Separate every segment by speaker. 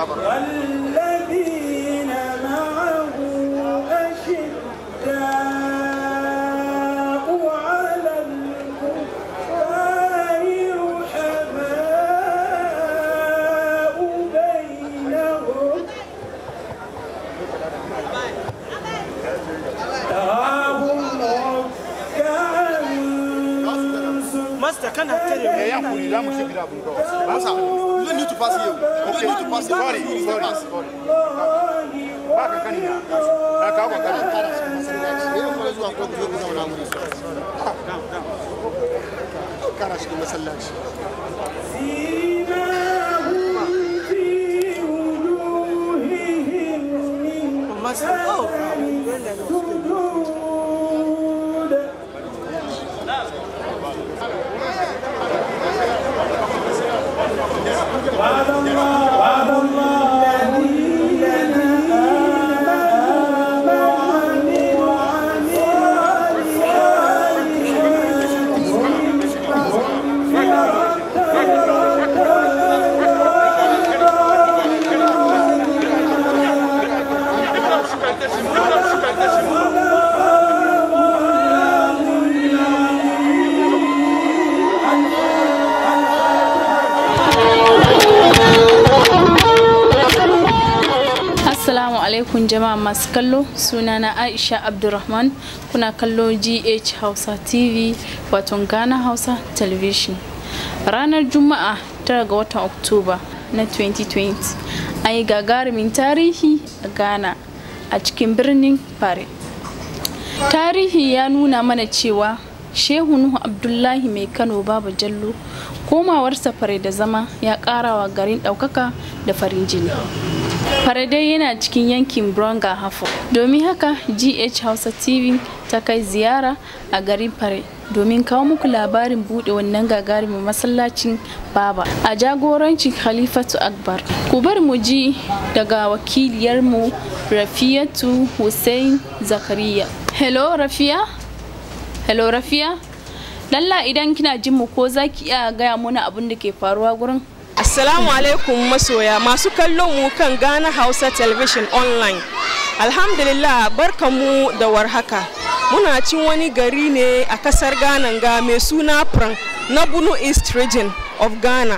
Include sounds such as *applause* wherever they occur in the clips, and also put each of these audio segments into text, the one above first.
Speaker 1: Dá pra...
Speaker 2: شكون ما سلاكش
Speaker 3: jama'a masu kallo sunana aisha abdulrahman kuna kallo gh hausa tv wato ghana hausa television ranar juma'a tara ga watan oktoba na 2020 an yi gagarumin tarihi a ghana a cikin birnin pare. tarihi ya nuna mana cewa shehu nuhu abdullahi mai kano babu jallo komawarsa fare da zama ya karawa garin daukaka da farin jini Faradai yana cikin yankin Bronga Hafo. Domin haka GH Hausa TV ta kai ziyara a garin Fare domin kawo muku labarin bude wannan gagarumin masallacin Baba a jagorancin Khalifatu Akbar. Ku bar mu ji daga wakiliyarmu Rafiyatu Hussein Zakariya. Hello Rafiya? Hello Rafiya? Lalla idan kina jin mu ko za ki iya gaya mana abin da ke faruwa gurin?
Speaker 4: Assalamu alaikum masoya masu kallon mu kan Ghana Hausa Television online. Alhamdulillah barkamu da warhaka. Muna cin wani gari ne a kasar Ghana ga mai suna Pran na Bunu East Region of Ghana.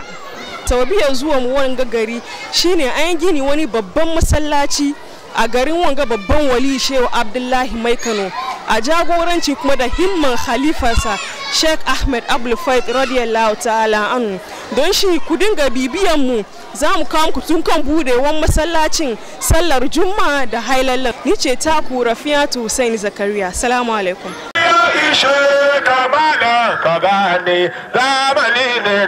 Speaker 4: ya zuwa mu wanga gari shine an gini wani babban masallaci a garin wanga babban wali Shehu Abdullahi Mai Kano. a jagoranci kuma da himman halifarsa sheikh ahmed abulfait radiyallahu ta'ala an don shi ku dinga bibiyan mu za mu kawo ku tun kan budewan masallacin sallar juma'a da hailallar ni ce ta ku rafiyatu husaini zakariya salamu alaikum
Speaker 5: ka zamani ne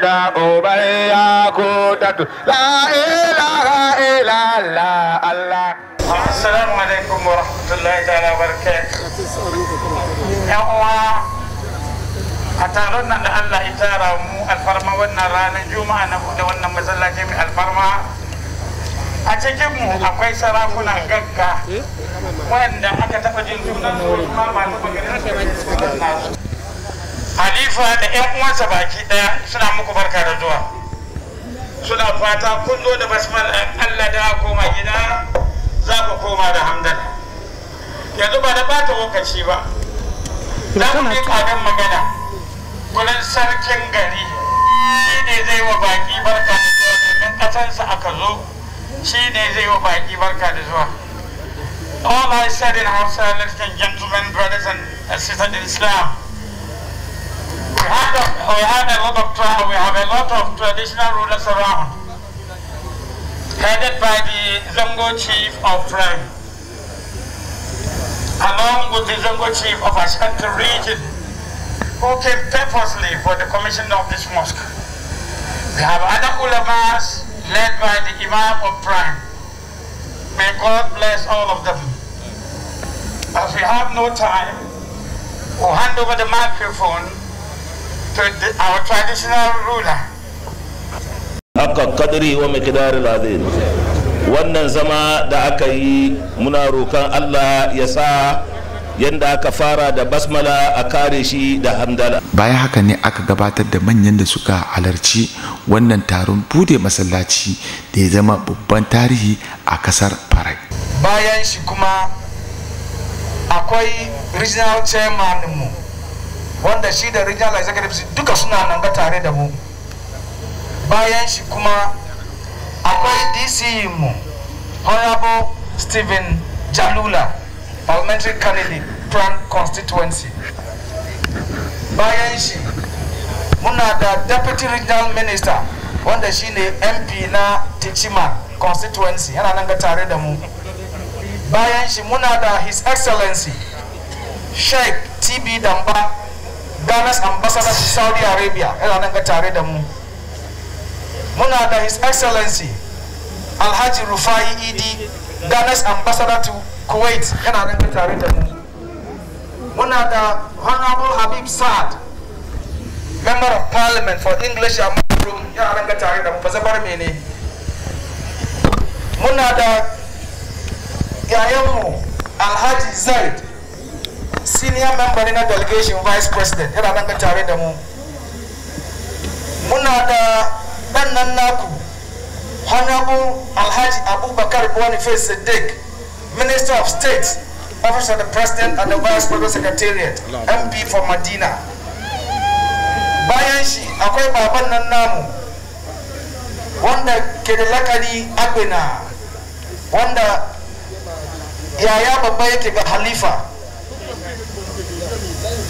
Speaker 5: ya la
Speaker 1: assalamu alaikum wa rahmatullahi yan uwa a taron nan da Allah ya tara mu alfarma wannan ranar juma'a na buɗe wannan masallaci mai alfarma a cikinmu akwai sarakunan gagga wanda aka taba jin junan su ma masu maganin nasu halifa da yan uwansa baki ɗaya suna muku barka da zuwa suna fata kun zo da basmala Allah da koma gida za ku koma da Hamdan yanzu ba da bata lokaci ba za mu magana wurin sarkin gari shi ne zai wa baki barka da zuwa domin ƙasansa aka zo shi ne zai wa baki barka da zuwa all I said in Hausa, ladies and gentlemen, brothers and sisters in Islam, we had, a, we had a lot of trial, we have a lot of traditional rulers around, headed by the Zongo chief of Prime. among Zongo chief of Ashanti region who came purposely for the commission of this mosque. We have other ulamas led by the Imam of Prime. May God bless all of them. As we have no time, we'll hand over the microphone to the, our traditional ruler.
Speaker 6: wannan zama da aka yi muna rokan allah ya sa yadda aka fara da basmala a kare shi da hamdala
Speaker 7: bayan haka ne aka gabatar da manyan da suka halarci wannan taron bude masallaci da ya zama babban tarihi a kasar farai
Speaker 5: bayan shi kuma akwai regional chairman mu wanda shi da regional executive duka suna nan ga tare da mu bayan shi kuma adc mu Honorable Stephen Jalula, parliamentary candidate, plan constituency. Bayan shi, muna da Deputy Regional Minister, wanda shi ne MP na Tichima constituency, yana nan ga tare da mu. Bayan shi muna da His Excellency, Sheikh TB Damba, Ghana's ambassador to Saudi Arabia, yana nan ga tare da mu. Muna da His Excellency, alhaji rufai idi ghana's ambassador to kuwait yana nan tare da mu muna da honorable habib sa'ad member of parliament for english and room yana nan tare da mu fa zabar mene muna da yayanmu alhaji zaid senior member na delegation vice president yana nan tare da mu muna da ɗan nan naku Honorable Alhaji Abubakar Boniface Siddiq, Minister of State, Office of the President and the Vice President Secretariat, MP for Medina. Bayan shi akwai baban nan namu wanda ke da lakari Agbena wanda yaya babba yake ga halifa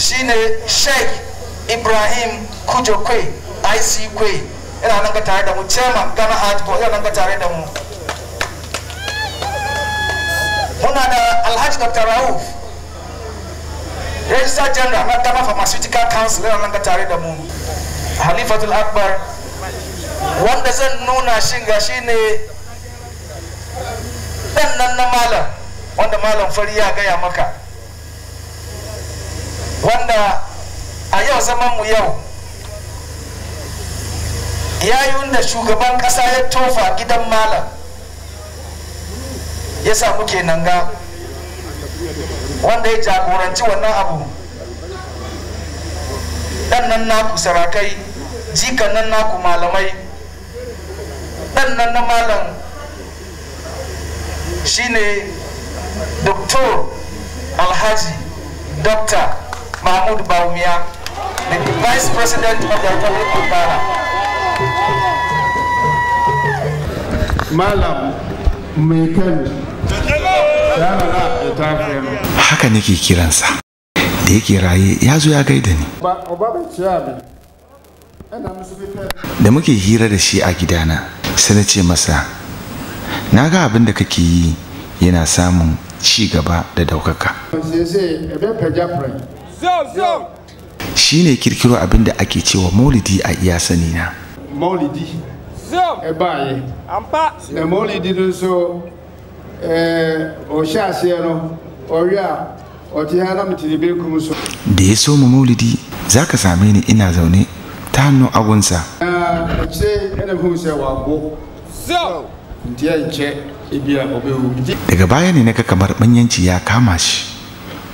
Speaker 5: shine Sheikh Ibrahim Kujokwe I.C.Q. ina nan ga tare da mu chairman gana Art Board ina nan ga tare da mu muna da Alhaji Dr. Rauf Registrar General na Ghana Pharmaceutical Council ina nan ga tare da mu Halifatul Akbar wanda zan nuna shin ga ne dan nan na malam wanda malam fari ya gaya maka wanda a yau zaman mu yau yayun da shugaban ƙasa ya tofa gidan malam ya samu kenan ga wanda ya jagoranci wannan abu ɗan nan naku sarakai jikan nan naku malamai ɗan nan na malam shine doktor alhaji dr mahmud baumiya the vice president of the republic of ghana
Speaker 8: malam mai kan
Speaker 7: haka nake kiransa da yake raye ya zo ya gaida ni da muke hira da shi a gidana sai na ce masa na ga abin da kake yi yana samun ci gaba da daukaka shi ne kirkiro abin da ake cewa maulidi a iya sanina
Speaker 8: maulidi ɛbaeɛ na molidi no nso ɔhyɛ aseɛ no ɔwe a ɔte ha na metene benkum so
Speaker 7: da ya so mu maulidi za ka same ni ina zaune ta hannu agunsa
Speaker 8: ɛkyire ɛna hu sɛ wabo nti ɛnkyɛ ebia ɔbɛwu daga
Speaker 7: baya ne ka kamar manyanci ya kama shi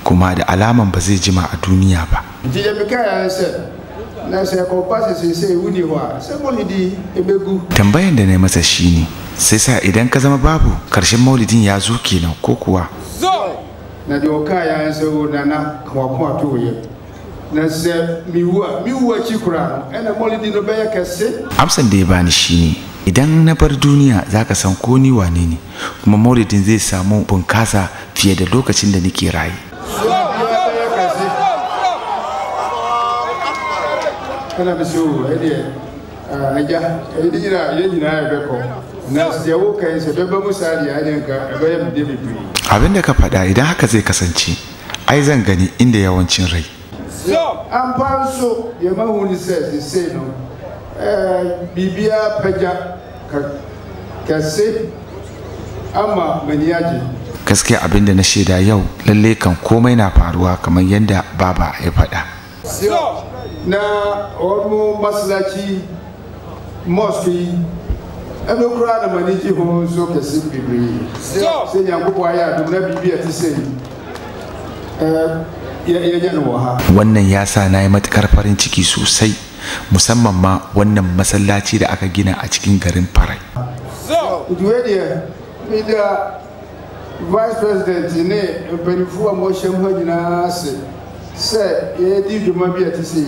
Speaker 7: kuma da alaman ba zai jima a duniya ba
Speaker 8: nti da mika ya sɛ na sai ko fasa sai sai wuni wa sai maulidi ebegu
Speaker 7: tambayan da na masa shine sai sa idan ka zama babu karshen maulidin ya zo kenan ko kuwa
Speaker 8: zo na oka ya sai na na kwa kuma to ye na sai miwa miwa ci kura ana maulidi no baya kase
Speaker 7: amsan da ya bani shine idan na bar duniya zaka san ko ni wane ne kuma maulidin zai samu bunkasa fiye da lokacin da nake rayu.
Speaker 8: kanabisu ede aja kai dabba ka ga da bibi
Speaker 7: abin da ka faɗa idan haka zai kasance ai zan gani inda yawancin rai
Speaker 8: so an so ya mahuni sai sai no bibiya faja ka sai amma ji
Speaker 7: gaskiya abin da na shaida yau lalle kan komai na faruwa kamar yadda baba ya faɗa.
Speaker 8: na wɔn masalaci mosque ɛno kura na mani gye ho nso kɛse bebree sɛ nyankopɔn ayɛ adom na biribi a ɛte eh, ya yɛnyɛ no wɔ ha
Speaker 7: wannan ya sa na yi matukar farin ciki sosai musamman ma wannan masallaci da aka gina a cikin garin farai
Speaker 8: duwe deɛ da vice president ne mpanimfoɔ a mɔhyɛ m hɔ nyinaa sɛ yɛdi dwuma bi a ti sɛ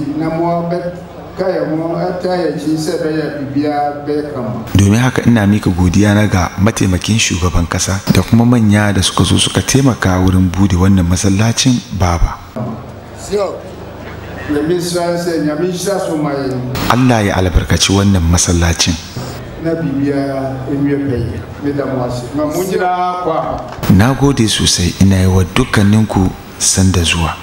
Speaker 7: domin haka ina mika godiya na ga mataimakin shugaban kasa da kuma manya da suka zo suka taimaka wurin bude wannan masallacin baba Allah ya albarkaci wannan masallacin na gode sosai ina yi wa dukkaninku sanda zuwa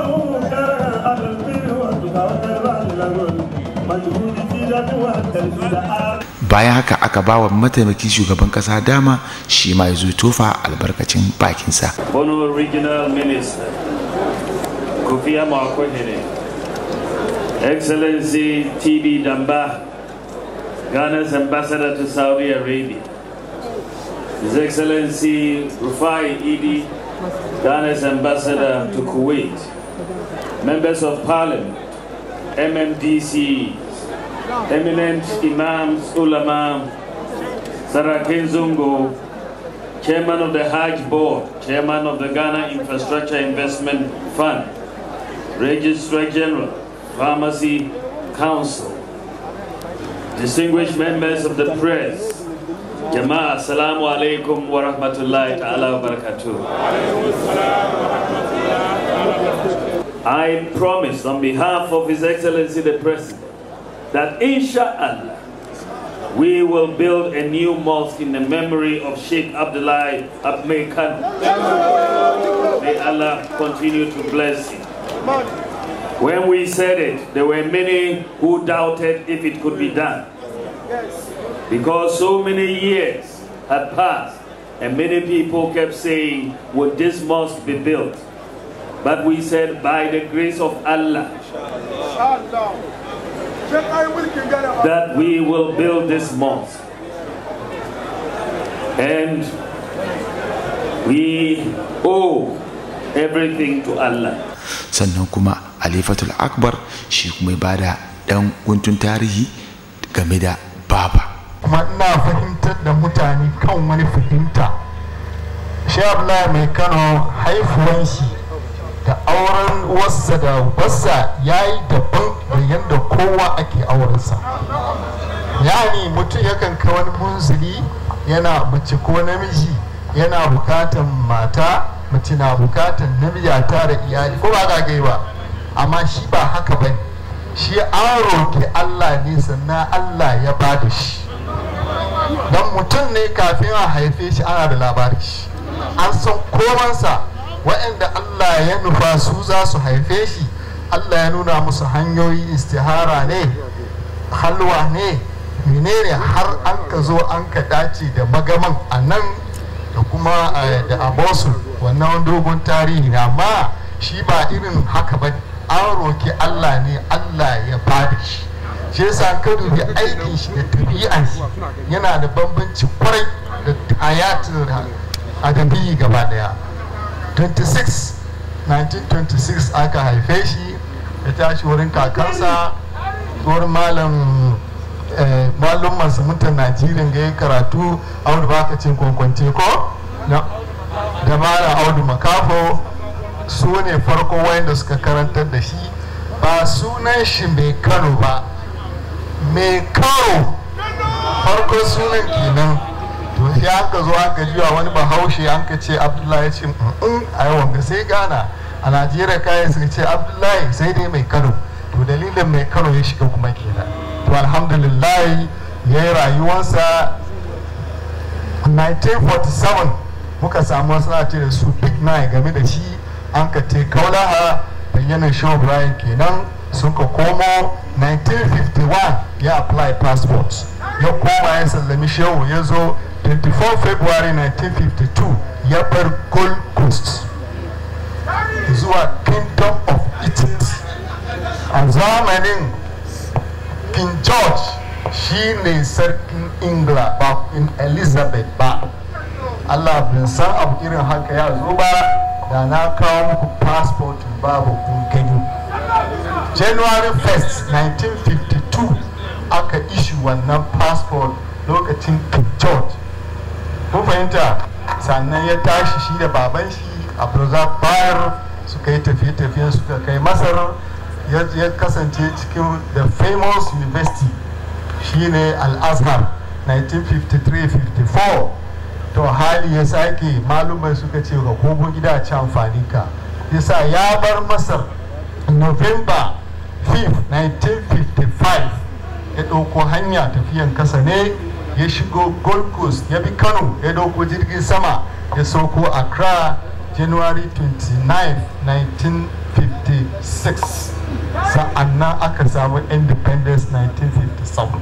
Speaker 7: bayan haka aka ba wa mataimakin shugaban kasa dama shi ma ya zo tofa albarkacin bakinsa.
Speaker 6: Honorable Regional Minister Kofiya Makwahere, Excellency TB Damba, Ghana's Ambassador to Saudi Arabia, His Excellency Rufai Idi, Ghana's Ambassador to Kuwait, members of parliament, MMDC, eminent imams, ulama, Sarakin Zungu, chairman of the Hajj board, chairman of the Ghana Infrastructure Investment Fund, registrar general, pharmacy council, distinguished members of the press, Jama'a, assalamu alaikum wa rahmatullahi ta'ala wa barakatuh. I promise on behalf of His Excellency the President that inshallah we will build a new mosque in the memory of Sheikh Abdullah Abmei May Allah continue to bless him. When we said it, there were many who doubted if it could be done. Because so many years had passed and many people kept saying, would this mosque be built? But we said, by the grace of Allah, that we will build this mosque. And we owe everything to
Speaker 2: Allah.
Speaker 7: Sannan kuma Alifatul Akbar shi kuma ba da ɗan guntun tarihi game da baba.
Speaker 2: Kuma ina fahimtar da mutane kan wani fahimta. shi Shabla mai Kano haifuwan shi auren wasa da wasa ya yi daban da yadda kowa ake aurensa yani mutum yakan kawar wani yana mace ko namiji yana bukatan mata mace na bukatan namiji a iyali ko ba ga ba amma shi ba haka ba shi an roƙi Allah ne sannan Allah ya ba da shi don mutum ne kafin a haife shi ana da labari an san komansa waɗanda Allah ya nufa su za su haife shi Allah ya nuna musu hanyoyi istihara ne halwa ne menene har an ka zo an ka dace da magaman a nan da kuma eh, da abosu. wannan dogon tarihi na amma shi ba irin haka ba an roki Allah ne Allah ya fadi shi shi yasa ka dubi aikin shi da tabi'an shi yana da bambanci kwarai da ayatul adabi gaba daya 1926 aka haife shi ya tashi wurin kakarsa tsohon malam eh, malum masu najeriya ga yi karatu audu baka kwankwance ko da mara audu makafo su ne farko wayanda suka karantar da shi ba sunan shi mai kano ba mai kano farko sunan kenan to sai an ka zo an ka jiwa wani bahaushe an ka ce abdullahi ce a yawan ga sai gana a najeriya kayan sai ce abdullahi sai dai mai kano to dalilin mai kano ya shiga kuma kenan to alhamdulillah ya yi rayuwansa 1947 muka samu wasu ce da su big nine game da shi an ka te kaulaha da yanin brian kenan sun ka komo 1951 ya apply passport ya koma ya sallami shehu ya zo 24 February 1952 ya bar Gold Coast zuwa Kingdom of Egypt a zamanin King George shi ne sarkin Ingila ba in Elizabeth ba Allah bin san abu irin haka ya zo ba da na kawo muku passport babu kun gani January 1st 1952 aka ishi wannan passport lokacin King George kun fahimta sannan ya tashi shi da baban shi abdulrazak bayar suka yi tafiye-tafiye suka kai masar ya kasance cikin the famous university shine al-azhar 1953-54 to hali ya sake malumai suka ce ga kogon gida ci amfani ka yasa ya bar masar november 5 1955 ya ɗauko hanya tafiyan kasa ne ya shigo gold coast ya bi kano ya dauko jirgin sama ya sauko accra january 29 1956 sa'annan aka samu independence 1957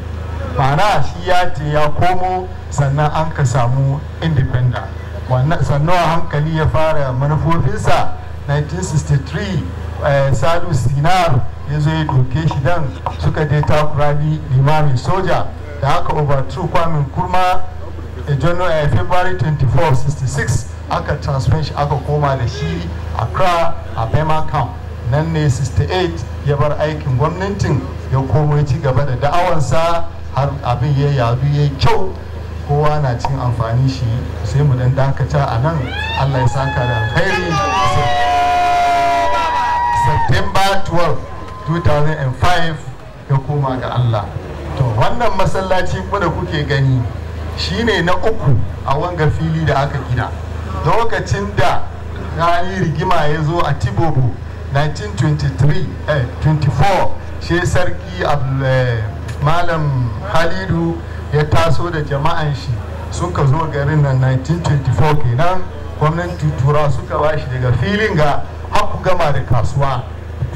Speaker 2: ma'ana shi ya ce ya komo sannan an ka samu independent sannan hankali ya fara manufofinsa 1963 eh, salu sinar ya zo ya doke shi dan suka je takurani limamin soja da aka overthrow kwamin kurma a january february 24 66 aka transfer shi aka koma da shi a kra a bema camp nan ne 68 ya bar aikin gwamnatin ya komo ci gaba da da'awansa har abin ya yadu ya yi kyau kowa na cin amfani shi sai mu dan dakata a nan allah ya saka da alkhairi september 12 2005 ya koma ga allah wannan masallaci kuma da kuke gani shine na uku a wanga fili da aka gina lokacin da yi rigima ya zo a tibobo 1923 eh, 24 shi sarki eh, malam halidu ya taso da jama'an shi suka zo garin nan 1924 kenan gwamnati tura suka bashi daga filin ga haku gama da kasuwa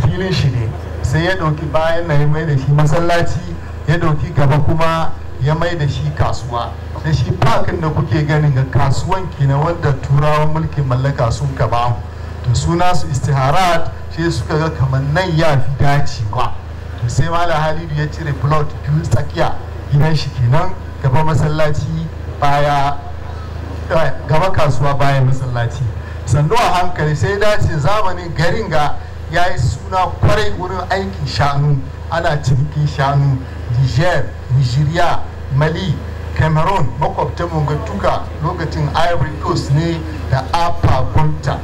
Speaker 2: filin shi ne sai ya ɗauki bayan na mai da shi masallaci ya dauki gaba kuma ya mai da shi kasuwa da shi fakin da kuke ganin ga kasuwan na wanda turawan mulkin mallaka sun gaba. da suna su istiharat sai suka ga kamar nan ya fi dacewa to sai malam halidu ya cire plot biyu tsakiya gidan shi kenan gaba masallaci baya eh, gaba kasuwa baya masallaci sannu a hankali sai dace zamanin garin ga ya yi suna kwarai wurin aikin shanu ana cinikin shanu niger nigeria mali cameroon makwabta ga lokacin ivory coast ne da apa gunta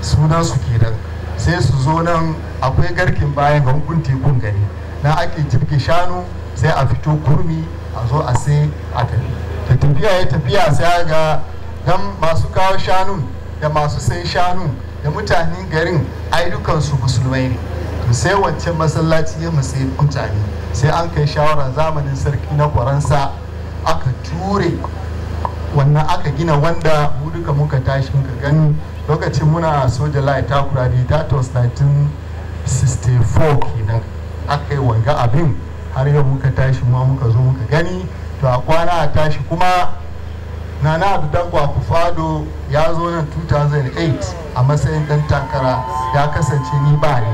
Speaker 2: sunansu kenan sai su zo nan akwai garkin bayan ga hukun tekun gani na ake jirgin shanu sai a fito kurmi a zo a sai a tafi da tafiya ya tafiya sai ga dan masu kawo shanun da masu sai shanun da mutanen garin ayyukansu musulmai ne sai wancan masallaci ya masai mutane sai an kai shawarar zamanin sarki na faransa aka ture wannan aka gina wanda mu duka muka tashi ka gani lokacin muna soja lai takura da datos 1964 kenan aka yi wanga abin har yau muka tashi ma muka zo muka gani to a kwana a tashi kuma na da dangwa fado ya zo nan 2008 a matsayin dan takara ya kasance ni ba ni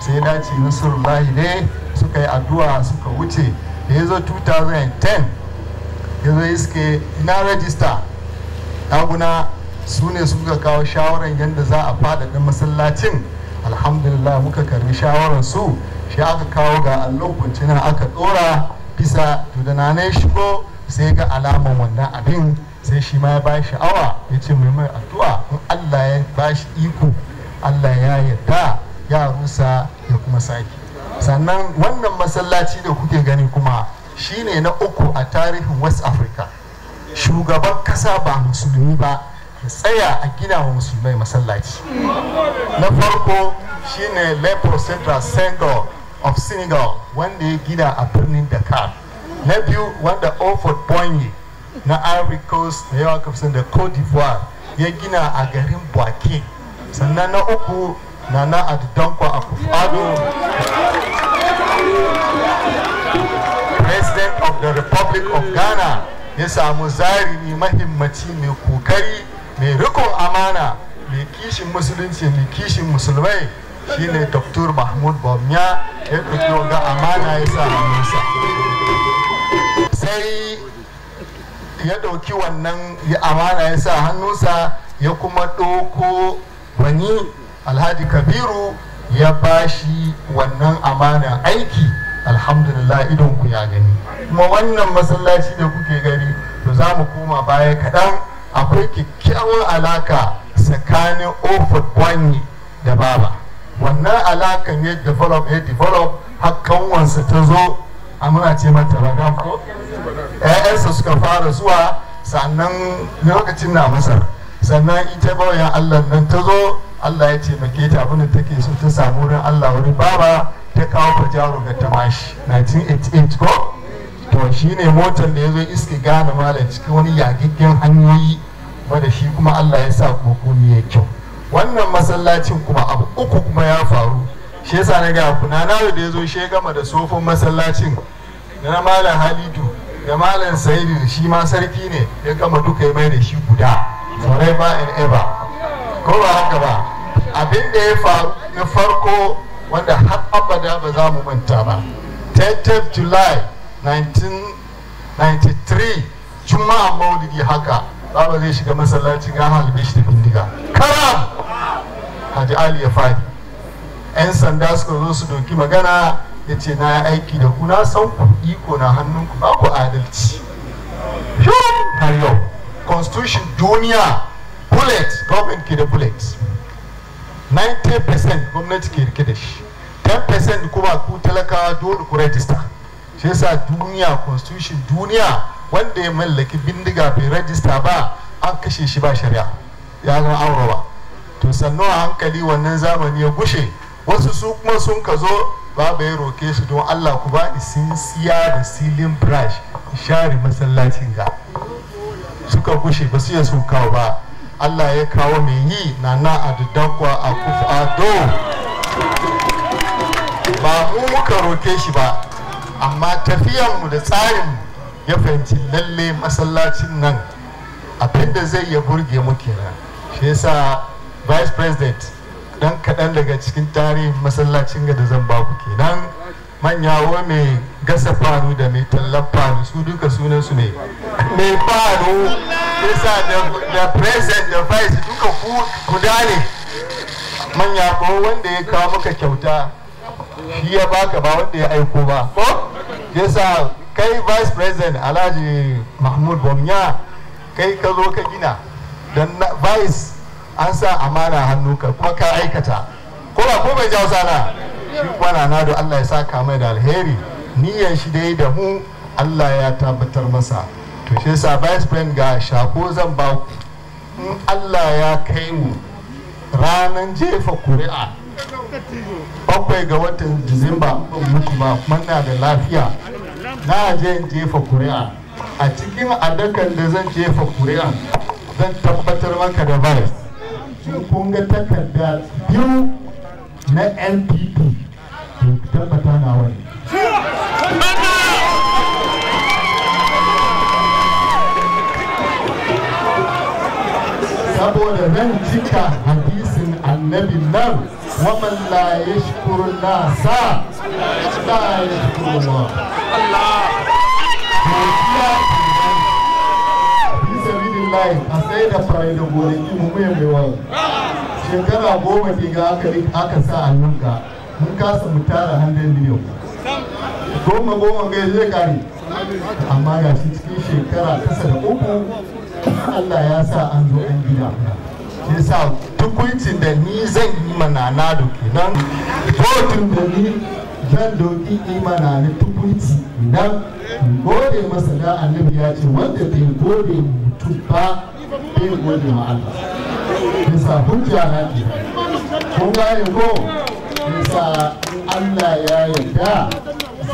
Speaker 2: sai ya dace nasarullahi ne suka yi addu'a suka wuce da ya zo 2010 ya zo iske na rajista ɗaguna su ne suka kawo shawarar yadda za a faɗaɗa masallacin alhamdulillah muka karbi shawarar su shi aka kawo ga allon kwancinan aka ɗora bisa ya shigo sai ga alaman wannan abin sai shi ma ya ba sha'awa ya ce mai mai addu'a in allah ya ba shi iko allah ya yarda ya rusa ya kuma sake sannan wannan masallaci da kuke gani kuma shine na uku a tarihin west africa shugaban kasa ba musulmi ba ya tsaya a gina wa musulmai masallaci na farko shine lepro central single of senegal wanda ya gina a birnin dakar na biyu wanda oford bonye na ivory coast da yawa kafin da cote d'ivoire ya gina a garin boaké sannan na uku nana at dankwa akufado president of the republic of ghana ya samu mai mahimmaci mai kokari mai rikon amana mai kishin musulunci mai kishin musulmai shine dr mahmud bamiya ya ɗauki wanga amana ya sa hannunsa sai ya ɗauki wannan amana ya sa hannunsa ya kuma ɗauko wani alhaji kabiru ya bashi wannan amanan aiki alhamdulillah idon ku ya gani kuma wannan masallaci da kuke gani to za mu koma baya kaɗan akwai kyakkyawan alaka tsakanin ofar gwanyi da baba wannan alakan ya develop ya develop hakan wansa ta zo a muna ce mata ragan ko ƴaƴansa suka fara zuwa sannan lokacin na masar sannan ita baya allah nan ta zo Allah ya ce mai keta abin da take so ta samu wurin Allah wurin baba ta kawo jaro ga tamashi 1988 ko to shi ne motar da ya zo iske gane malam cikin wani yagiggen hanyoyi wanda shi kuma Allah ya sa kokumi ya kyau wannan masallacin kuma abu uku kuma ya faru shi yasa na ga kuna na da ya zo shi gama da sofin masallacin na malam halidu da malam saidu shi ma sarki ne ya gama duka ya mai da shi guda forever and ever ko ba haka ba abin da ya faru na farko wanda har abada ba za mu manta ba 10 july 1993 juma'a maulidi haka baba zai shiga masallacin ya halbe shi da bindiga kara haji ali ya fadi yan sanda suka zo su doki magana ya ce na yi aiki da ku na san ku iko na hannunku ba ku adalci har yau constitution duniya bullet government ke da bullet 90% gwamnati ke rike da shi 10% kuma ku talakawa dole ku rajista shi yasa duniya constitution duniya wanda ya mallaki bindiga bai rajista ba an kashe shi ba shari'a ya zama ba to sannu a hankali wannan zamani ya gushe wasu su kuma sun ka zo babu ya roke su don allah ku ba ni sun siya da silin brush share masallacin ga suka gushe ba su iya kawo ba Allah ya kawo mai yi na na a adadankwa a kufado ba mu muka roke shi ba amma tafiyanmu da tsarin ya fahimci lalle masallacin nan abinda zai ya burge mu kenan shi yasa vice president dan kaɗan daga cikin tarihin masallacin ga da zan baku kenan manya wa mai gasa fanu da mai tallan fanu su duka sunan su ne mai fanu da present da vice duka guda ne manya ko wanda ya kawo maka kyauta shi ya baka ba wanda ya aiko ba ko yasa kai vice president alhaji mahmud bomnya kai ka zo ka gina dan vice an sa amana hannu ka kuma ka aikata ko ba ko bai jawo sana shi kwana na da Allah ya saka mai da alheri niyan shi dai da mu Allah ya tabbatar masa to shi sa vice president ga shako zan ba in Allah ya kai mu Ranan jefa kuri'a bakwai ga watan Disamba muku ba manna da lafiya na je in jefa kuri'a a cikin adakan da zan jefa kuri'a zan tabbatar maka da vice kun ga takarda biyu na NPP saboda ran cika hadisin annabi nan waman la ya shukuru na sa la ya shukuru ma Allah a sai da farai da gonaki mu mai mai wani shekara goma ke ga aka sa a nuka mun kasa mu tara 100 miliyan goma goma ga zai kare amma ga shi cikin shekara kasa da uku Allah ya sa an zo an gida shi sa tukuncin da ni zan yi na doki kenan kotun da ni zan doki imana na tukunci nan gode masa da annabi ya ce wanda bai gode mutum ba bai gode ma Allah bisa hujja na ke kun ya ko haka Allah ya yarda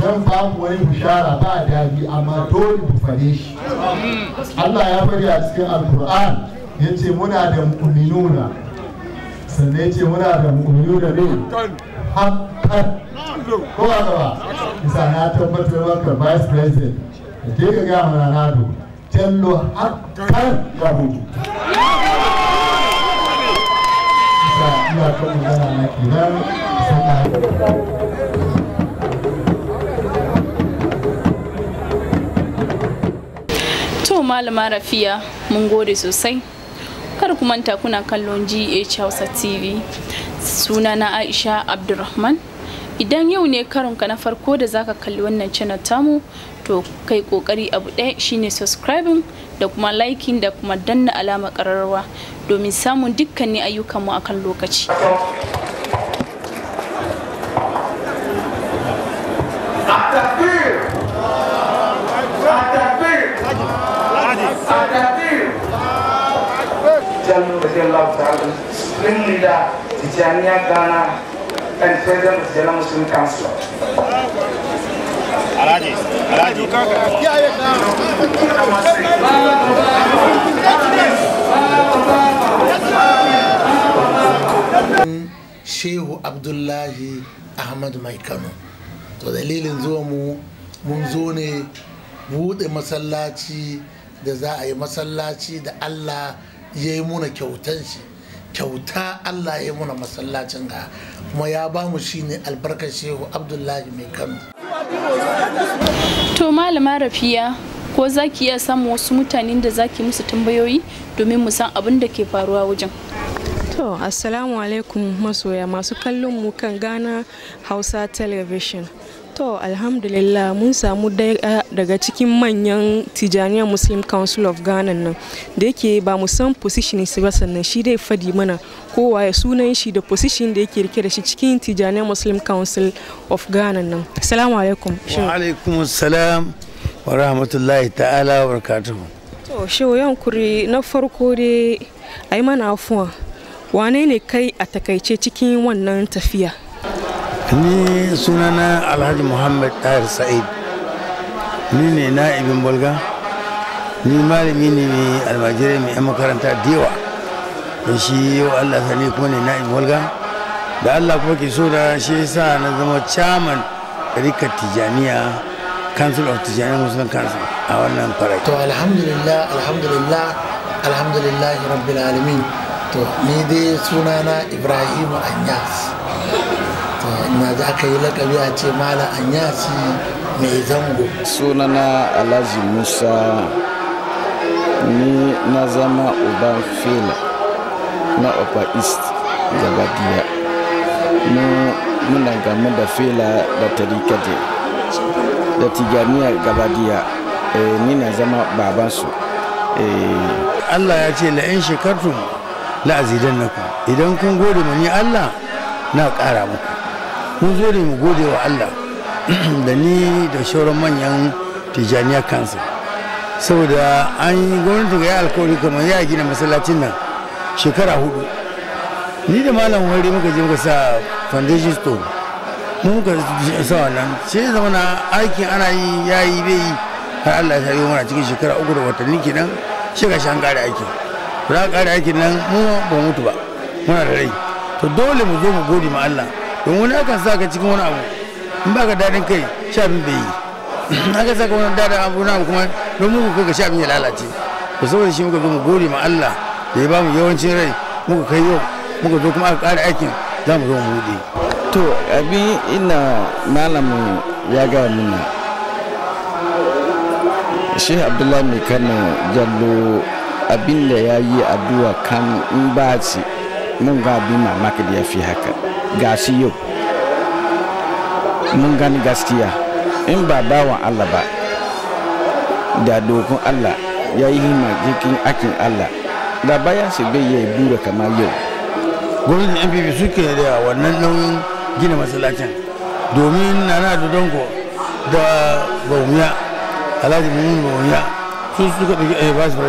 Speaker 2: zan ba mu wani bishara ba dadi amma dole mu fare shi Allah ya fari a cikin alkur'an ya ce muna da mu'minuna sannan yace ce muna da mu'minuna ne hakan ko ba ba isa na tabbatar maka vice president da ke ga mana na do tallo hakan ya hudu to
Speaker 3: malama rafiya mun gode sosai kar ku manta kuna kallon gh hausa tv sunana aisha abdulrahman idan yau ne karonka na farko da zaka kalli wannan channel tamu to kai kokari abu ɗaya shine subscribing da kuma liking da kuma danna alama ƙararrawa domin samun dukkanin ayyukanmu a kan lokaci.
Speaker 5: Jallu radiyallahu ta'ala min leader Tijaniya Ghana and President of the Muslim
Speaker 1: Alhaji,
Speaker 9: Shehu Abdullahi Ahmad Mai Kano. To dalilin zuwa mu mun zo ne buɗe masallaci da za a yi masallaci da Allah ya yi muna kyautan shi. kyauta Allah ya muna masallacin ga kuma ya ba mu shi ne albarkar shehu Abdullahi Mai Kano.
Speaker 3: To malama Rafiya ko za ki iya samun wasu mutanen da za ki musu tambayoyi domin mu san abin da ke faruwa wajen. To assalamu alaikum
Speaker 4: masoya masu kallon mu kan Ghana Hausa Television. To alhamdulillah mun samu daga cikin manyan Tijaniya Muslim Council of Ghana nan da yake ba mu san position ba sannan shi dai fadi mana kowa ya sunan shi da position da yake rike da shi cikin Tijaniya Muslim Council of Ghana nan. Assalamu alaikum. Wa
Speaker 10: alaikum assalam wa rahmatullahi ta'ala wa barakatuhu.
Speaker 4: To shehu kuri na farko dai ai mana afuwa. Wane ne kai a takaice cikin wannan tafiya?
Speaker 10: ni sunana alhaji muhammad tahir sa'id ni ne na'ibin bulga ni malami ne mai almajirai mai 'yan makaranta dewa da shi yau allah sani kuma ne na'ibin bulga da allah kuma ke so da shi sa na zama chairman rikar tijaniya council of tijaniya muslim council a
Speaker 9: wannan farai
Speaker 10: to alhamdulillah
Speaker 9: alhamdulillah alhamdulillah rabbil alamin to ni dai sunana ibrahim anyas na za ka yi lakabi a ce mala an yasi mai zango
Speaker 11: sunana alhaji musa ni na zama uban fela na upper east gabadiya mu muna gamu da fela da tarikade da tijaniya
Speaker 10: gabadiya eh, ni na zama babansu eh, allah ya ce la'in shekartun la'azidan na ku idan kun gode mani allah na ƙara muku mun zo ne mu gode wa Allah *clears throat* da ni da shauran manyan tijaniya kansa saboda an yi gwamnati ga ya alkawari kamar ya gina masallacin nan shekara hudu ni da malam wari muka je muka sa foundation stone mun muka sa wannan sai zama na aikin ana yi ya yi bai yi har Allah ya yi mana cikin shekara uku da watanni kenan sai ga shan kare aikin za a kare aikin nan mu ba mutu ba muna da rai to dole mu zo mu gode ma Allah don wani akan sa ka cikin wani abu in ba ka daɗin kai sha abin bai yi aka sa ka wani daɗin abu na kuma don muku kai ka sha abin ya lalace ba saboda shi muka zo mu gode ma Allah da ya bamu yawancin rai muka kai yau muka zo kuma aka ƙara aikin za mu zo mu buɗe. to abin ina malamin ya gaya mini
Speaker 11: shi abdullahi mai kano jallo abin da ya yi addu'a kan in ba ce mun ga bi mamaki da ya fi haka ga shi yau mun gani gaskiya in ba bawan allah ba da dokun allah ya yi hima jikin akin allah da bayan su bai yi bura kamar yau
Speaker 10: gwamnatin npp suke da wannan nauyin gina masallacin domin nana da dango da baumiya alhaji mummun baumiya su suka da ke su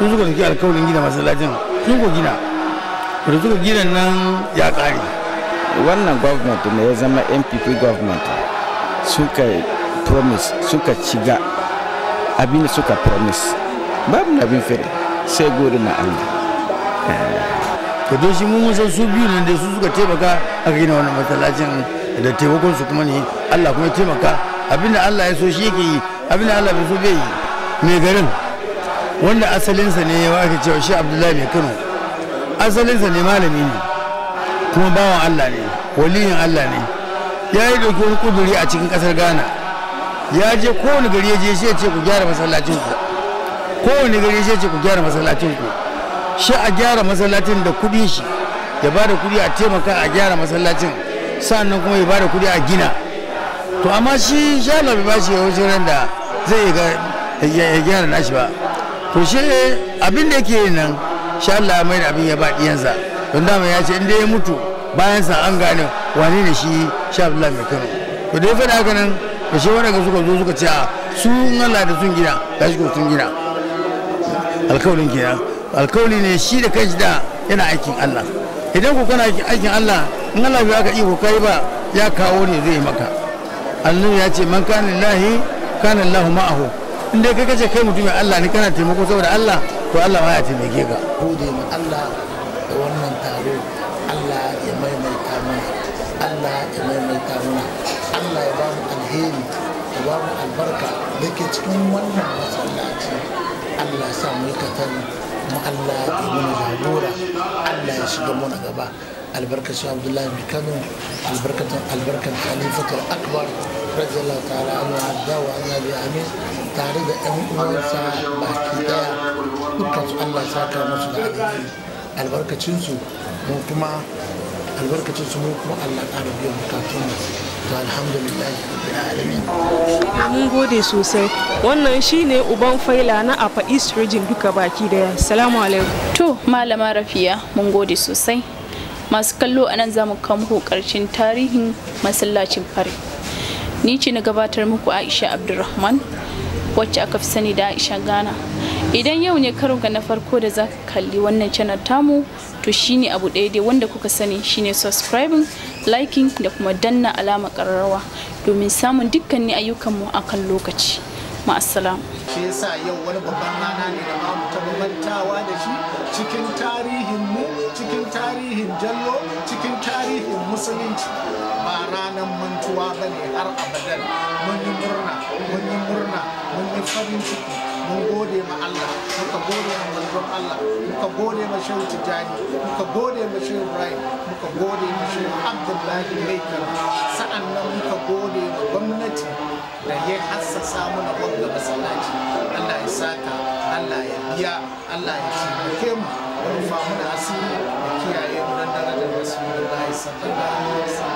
Speaker 10: su suka alkawarin gina masallacin sun ko gina rizuku gidan nan ya tsari
Speaker 11: wannan gwamnati ne ya zama npp gwamnati suka promise suka ciga abin suka promise babu na bin fere sai gori na
Speaker 10: allah ka eh. don shi mun san su biyu nan da su suka taimaka aka gina wannan masallacin da taimakon su kuma ne allah kuma taimaka abin da allah ya so shi yake yi abin da allah bai so bai yi mai garin wanda asalinsa ne ya waka cewa shi abdullahi mai kano asalinsa ne malami ne kuma bawan Allah ne waliyin Allah ne ya yi ɗauki wani kuduri a cikin ƙasar Ghana ya je kowane gari ya je shi ya ce ku gyara masallacin ku kowane gari shi ya ce ku gyara masallacin ku shi a gyara masallacin da kudi shi ya ba da kuɗi a taimaka a gyara masallacin sannan kuma ya ba da kuɗi a gina to amma shi sha bai bashi shi ya ran da zai ya gyara nashi ba to shi abin da yake nan sha Allah ya mayar abin ya ba ɗiyansa don dama ya ce inda ya mutu bayan sa an gane wane ne shi sha Allah mai kano to da ya faɗa haka nan da shi wanda suka zo suka ce a sun Allah da sun gina ga shi sun gina ke kenan alkawari ne shi da kanshi da yana aikin Allah idan ku kana aikin Allah in Allah bai aka iko kai ba ya kawo ne zai maka Allah ya ce man kana lillahi kana Allahu ma'ahu Inda kai kace kai mutumin Allah ne kana taimako saboda Allah ko Allah ma ya taimake ka
Speaker 9: gode ma Allah da wannan taro Allah ya maimaita mana Allah ya maimaita mana Allah ya ba mu alheri ya ba mu albarka da ke cikin wannan masallaci Allah ya sa mu yi Allah ya mana jagora Allah ya shiga na gaba shi abdullahi mai kano albarkatan albarkan khalifatul akbar radiyallahu ta'ala anhu wa amin tare da yan uwansa baki daya dukkansu su Allah saka musu da albarkacinsu mu kuma albarkacinsu mu kuma Allah ƙara biyan bukatun mu to alhamdulillah
Speaker 4: rabbil mun gode
Speaker 3: sosai wannan shine uban faila na Apa East Region duka baki daya salamu alaikum to malama Rafiya mun gode sosai masu kallo anan za kawo muku karshen tarihin masallacin fari ni ce na gabatar muku Aisha Abdulrahman wacce aka fi sani da Aisha Ghana idan yau ne karonka na farko da za ka kalli wannan channel tamu to shine abu ɗaya dai wanda kuka sani shine subscribing liking da kuma danna alama ƙararrawa domin samun dukkanin ayyukanmu a kan lokaci assalamu
Speaker 8: shi yasa yau wani babban rana ne da mamu ta mantawa da shi cikin tarihin mu cikin tarihin jallo cikin tarihin musulunci
Speaker 9: ba ranar mantuwa bane har abadan mun yi murna mun yi murna mun yi farin ciki mun gode ma Allah muka gode ma manzon Allah muka gode ma shehu tijani muka gode ma shehu ibrahim muka gode ma shehu abdullahi sa'an sa'annan muka gode ma gwamnati da ya hassasa mana wanda masallaci Allah ya saka Allah ya biya Allah ya taimake mu da rufa mu da asiri da kiyaye mu dan darajar rasulullahi Allah ya wasallam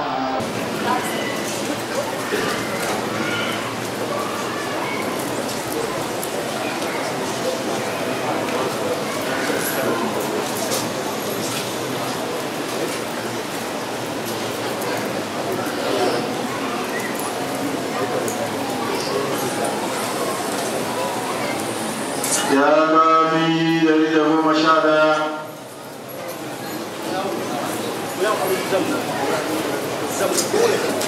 Speaker 10: جامعي دليله مشادا الزمن